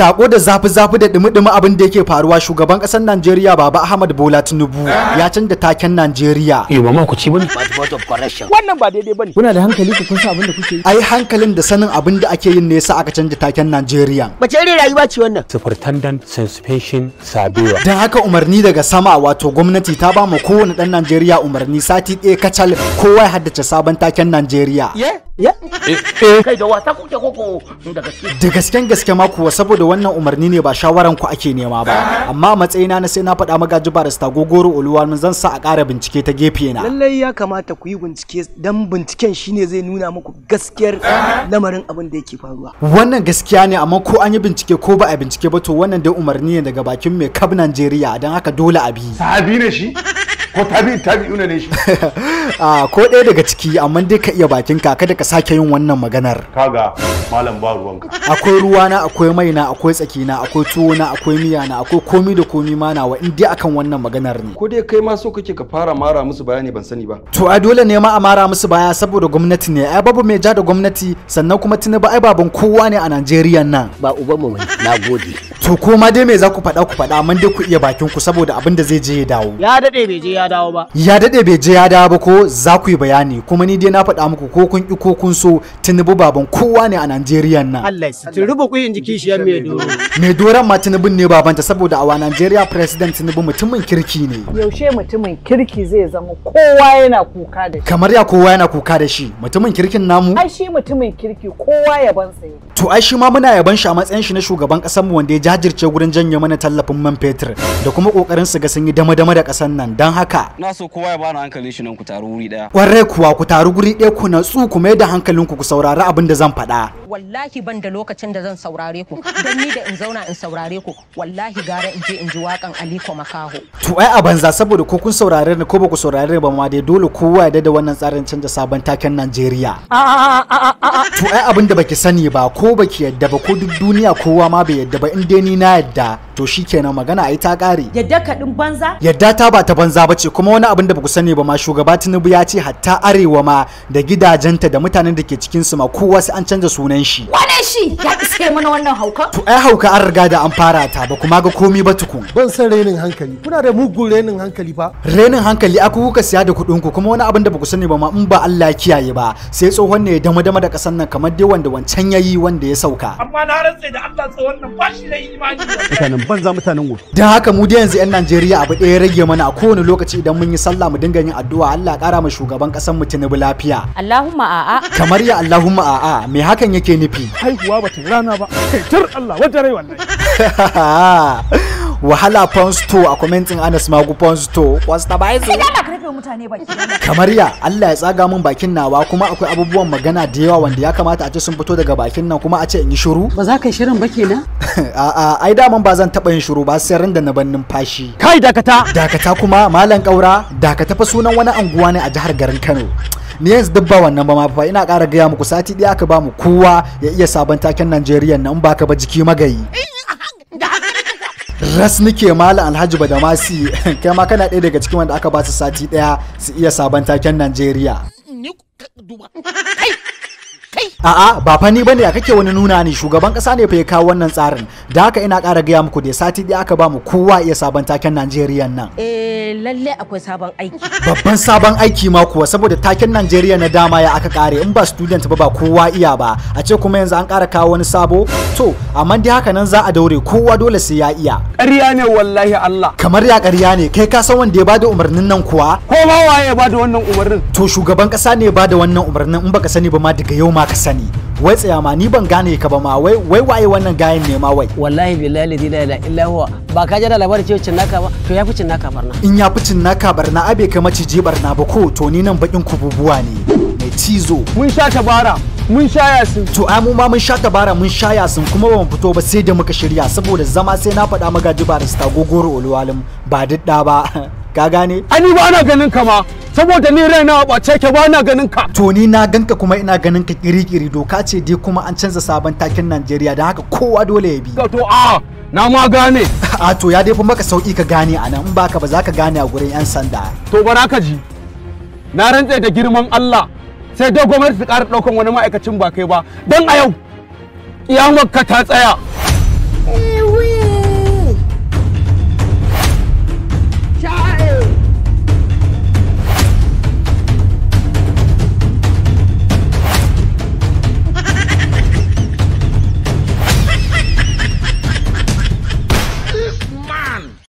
sako da zafi-zafi da dumi-dumi abin da yake faruwa shugaban kasar Najeriya Baba Ahmad Bola Tinubu ya canza taken Najeriya. Eh ba ma ku ci bane. Wannan ba daidai bane. Kuna da hankali ku kun abin da kuke yi. Ai hankalin da sanin abin da ake yin ne yasa aka canza taken Najeriya. Bace irin rayuwa ce wannan? Superintendent Suspension Sabewa. Dan haka umarni daga sama wato gwamnati ta ba mu kowane dan Najeriya umarni sati ɗaya kacal kowa ya haddace sabon taken Najeriya. Yeah. Eh, eh. kai da wasa kuke koko da gasken gaske ma kuwa saboda wannan umarni ne ba shawaran ku ake nema ba amma matsayina na sai na faɗa magaji barista gogoro mun zan sa a ƙara bincike ta gefe na lallai ya kamata ku yi bincike dan binciken shine zai nuna muku gaskiyar lamarin abin da yake faruwa wannan gaskiya ne amma ko an yi bincike ko ba a bincike ba to wannan dai umarni ne daga bakin mai kab Najeriya dan haka dole a bi sabi ne shi ko tabi tabi una ne shi a ah, ko ɗaya daga ciki amma dai ka iya bakin ka kada ka sake yin wannan maganar kaga malam ba ruwanka akwai ruwa na, akwai mai na akwai tsaki na akwai tuwo na akwai miya na akwai komi da komi ma wa in dai akan wannan maganar ne ko dai kai ma so kake ka fara mara musu bayani ban sani ba to a dole ne ma a mara musu baya saboda gwamnati ne ai babu mai ja da gwamnati sannan kuma ba, ai baban kowa ne a Najeriya nan ba mu mai nagode to koma dai me za ku faɗa ku faɗa amma dai ku iya bakin ku saboda abin da zai je ya dawo ya dade bai je ya dawo ba ya dade bai je ya dawo ba ko za ku yi bayani kuma ni dai na faɗa muku ko kun ki ko kun so tinubu baban kowa ne a Najeriya nan Allah ya tinubu ku yin jiki shi ya mai doro doran ma tinubu ne babanta saboda a nigeria Najeriya president tinubu mutumin kirki ne yaushe mutumin kirki zai zama kowa yana kuka da shi kamar ya kowa yana kuka da shi mutumin kirkin namu ai shi mutumin kirki kowa yaban sa to ai shi ma muna yaban shi a matsayin shi na shugaban kasar mu wanda ya jajirce gurin janye mana tallafin man fetur da kuma kokarin su ga sun yi dama-dama da kasar nan dan haka haka na so kowa ya bani hankalin shi nan ku taru wuri daya Warai kuwa ku taru guri daya ku natsu ku mai da hankalin ku ku saurari abin da zan faɗa wallahi ban da lokacin da zan saurare ku don ni da in zauna in saurare ku wallahi gara in je in ji wakan Aliko Makaho to ai a banza saboda ko kun saurare ni ko ba ku saurare ba ma dai dole kowa ya da wannan tsarin canza sabon taken Najeriya to ai abin da baki sani ba ko baki yadda ba ko duk duniya kowa ma bai yadda ba in dai ni na yadda to shikenan magana ai ta kare yadda ka din banza yadda ta ba ta banza ba ce kuma wani abin da ba ku sani ba ma shugaba tinubu ya ce hatta arewa ma da gidajenta da mutanen da ke cikin su ma kowa sai an canza sunan shi wane shi ya iske mana wannan hauka to ai hauka an riga da an fara ta ba kuma ga komi ba tukun ban san renin hankali kuna da mugun renin hankali fa renin hankali aku kuka siya da kuɗin ku kuma wani abin da ba ku sani ba ma in ba Allah kiyaye ba sai tsohon ne dama dama da kasan nan kamar dai wanda wancan yayi wanda ya sauka amma na rantsa da Allah tsohon nan ba shi da imani mutanen banza mutanen gobe dan haka mu da yanzu yan Najeriya abu ɗaya rage mana a kowane lokaci lokaci idan mun yi sallah mu dinga yin addu'a Allah ƙara ma shugaban ƙasar mu Tinubu lafiya Allahumma a'a kamar ya Allahumma a'a me hakan yake nufi haihuwa bata rana ba kai tar Allah wajen rai wallahi wahala pound store a commenting Anas Magu pound store was the tsagaro mutane baki kamar ya Allah ya tsaga mun bakin nawa kuma akwai abubuwan magana da yawa wanda ya kamata a ce sun fito daga bakin nan kuma a ce in yi shiru ba za ka yi shirin ba kenan a'a ai daman ba zan taba yin shiru ba sai ran da na ban numfashi kai dakata dakata kuma malam kaura dakata fa sunan wani anguwa ne a jihar garin Kano ni yanzu duk ba wannan ba ma fa ina ƙara gaya muku sati ɗaya aka ba mu kowa ya iya sabon taken Najeriya nan ba ka ba jiki magayi eh, ras nike mala alhaji badamasi kai ma kana ɗaya daga cikin wanda aka ba su sati ɗaya su iya sabon taken najeriya A'a ba fani bane a kake wani nuna ne shugaban kasa ne fa ya kawo wannan tsarin. Da haka ina ƙara gaya muku da sati ɗaya aka ba mu kowa iya sabon taken Najeriya nan. Eh lalle akwai sabon aiki. Babban sabon aiki ma kuwa saboda taken Najeriya na dama ya aka kare in ba student ba ba kowa iya ba. A ce kuma yanzu an ƙara kawo wani sabo to amma dai haka nan za a daure kowa dole sai ya iya. Ƙarya ne wallahi Allah. Kamar ya ƙarya ne kai ka san wanda ya bada umarnin nan kuwa. Ko ma waye ya bada wannan umarnin? To shugaban kasa ne ya bada wannan umarnin in baka sani ba ma daga yau ma ka sani wai tsaya ma ni ban gane ka ba ma wai wai waye wannan gayen ne ma wai wallahi billahi la ilaha illa huwa ba ka jira labarin cewa naka ba to ya fi naka barna in ya fi naka barna abe mace je barna ba ko to ni nan bakin kububuwa ne mai cizo mun sha tabara mun sha yasin to ai mu ma mun sha tabara mun sha yasin kuma ba mu fito ba sai da muka shirya saboda zama sai na faɗa magaji barista gogoro olwalum ba didda ba ka gane ani ba ana ganin ka ma saboda ni raina ba ce ke ba na ganin ka to ni na ganka kuma ina ganin ka kiri-kiri doka ce dai kuma an canza sabon takin Najeriya don haka kowa dole ya bi to a na ma gane a to ya dai fi maka sauki ka gane a nan in baka ba za ka gane a gurin yan sanda to bara ka ji na rantse da girman Allah sai dai gwamnati ta kara ɗaukan wani ma'aikacin ba kai ba dan a yau kiyamar ka ta tsaya